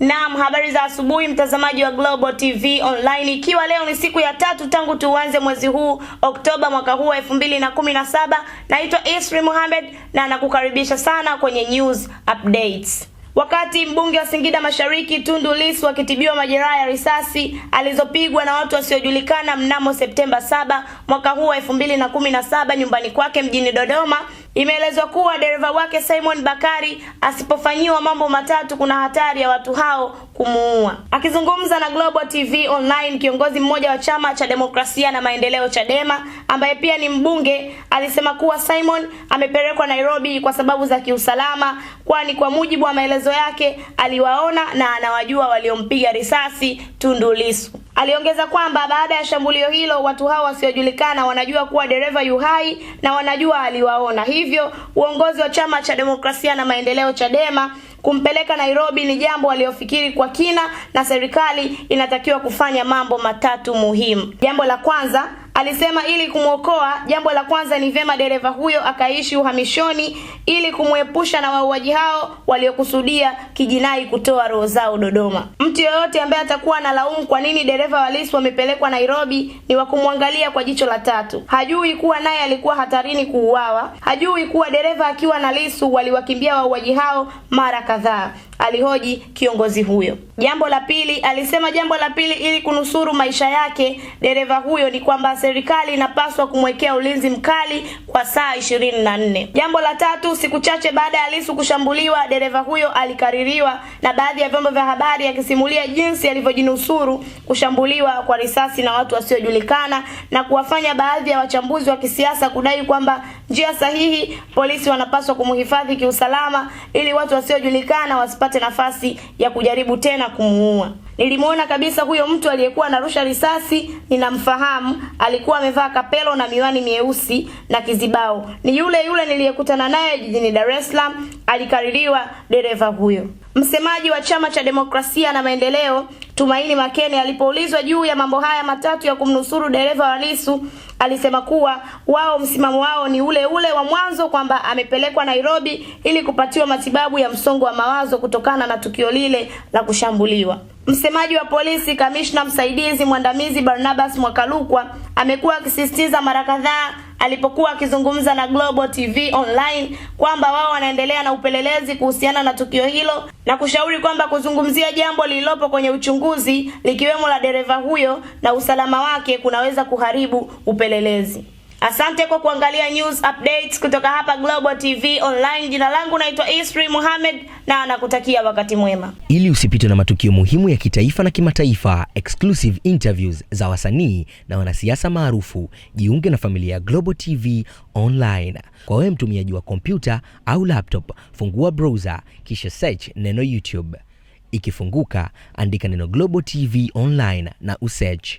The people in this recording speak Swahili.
Naam, habari za asubuhi mtazamaji wa Global TV Online, ikiwa leo ni siku ya tatu tangu tuanze mwezi huu Oktoba mwaka huu wa 2017. Naitwa Isri Mohamed na nakukaribisha sana kwenye news updates. Wakati mbunge wa Singida Mashariki Tundu Lissu akitibiwa majeraha ya risasi alizopigwa na watu wasiojulikana mnamo Septemba 7 mwaka huu wa 2017 nyumbani kwake mjini Dodoma, Imeelezwa kuwa dereva wake Simon Bakari asipofanyiwa mambo matatu, kuna hatari ya watu hao kumuua. Akizungumza na Global TV Online, kiongozi mmoja wa chama cha demokrasia na maendeleo Chadema ambaye pia ni mbunge alisema kuwa Simon amepelekwa Nairobi kwa sababu za kiusalama, kwani kwa mujibu wa maelezo yake aliwaona na anawajua waliompiga risasi Tundu Lissu. Aliongeza kwamba baada ya shambulio hilo watu hao wasiojulikana wanajua kuwa dereva yuhai na wanajua aliwaona, hivyo uongozi wa chama cha demokrasia na maendeleo CHADEMA kumpeleka Nairobi ni jambo waliofikiri kwa kina, na serikali inatakiwa kufanya mambo matatu muhimu. Jambo la kwanza Alisema ili kumwokoa, jambo la kwanza ni vyema dereva huyo akaishi uhamishoni ili kumwepusha na wauaji hao waliokusudia kijinai kutoa roho zao Dodoma. Mtu yoyote ambaye atakuwa na laumu kwa nini dereva wa Lissu wamepelekwa Nairobi ni wa kumwangalia kwa jicho la tatu. Hajui kuwa naye alikuwa hatarini kuuawa. Hajui kuwa dereva akiwa na Lissu waliwakimbia wauaji hao mara kadhaa alihoji kiongozi huyo. Jambo la pili, alisema jambo la pili ili kunusuru maisha yake dereva huyo ni kwamba serikali inapaswa kumwekea ulinzi mkali kwa saa ishirini na nne. Jambo la tatu, siku chache baada ya Lissu kushambuliwa, dereva huyo alikaririwa na baadhi ya vyombo vya habari akisimulia jinsi alivyojinusuru kushambuliwa kwa risasi na watu wasiojulikana na kuwafanya baadhi ya wachambuzi wa kisiasa kudai kwamba njia sahihi, polisi wanapaswa kumhifadhi kiusalama ili watu wasiojulikana wasipate nafasi ya kujaribu tena kumuua. nilimuona kabisa huyo mtu aliyekuwa anarusha risasi, ninamfahamu. Alikuwa amevaa kapelo na miwani mieusi na kizibao. Ni yule yule niliyekutana naye jijini Dar es Salaam, alikaririwa dereva huyo. Msemaji wa Chama cha Demokrasia na Maendeleo Tumaini Makene alipoulizwa juu ya mambo haya matatu ya kumnusuru dereva wa Lissu alisema kuwa wao msimamo wao ni ule ule wa mwanzo kwamba amepelekwa Nairobi ili kupatiwa matibabu ya msongo wa mawazo kutokana na tukio lile la kushambuliwa. Msemaji wa polisi, kamishna msaidizi mwandamizi Barnabas Mwakalukwa amekuwa akisisitiza mara kadhaa alipokuwa akizungumza na Global TV Online kwamba wao wanaendelea na upelelezi kuhusiana na tukio hilo na kushauri kwamba kuzungumzia jambo lililopo kwenye uchunguzi likiwemo la dereva huyo na usalama wake kunaweza kuharibu upelelezi. Asante kwa kuangalia news updates kutoka hapa Global TV Online. Jina langu naitwa Isri Muhammad na nakutakia wakati mwema. Ili usipitwe na matukio muhimu ya kitaifa na kimataifa, exclusive interviews za wasanii na wanasiasa maarufu, jiunge na familia ya Global TV Online. Kwa wewe mtumiaji wa kompyuta au laptop, fungua browser kisha search neno YouTube. Ikifunguka, andika neno Global TV Online na usearch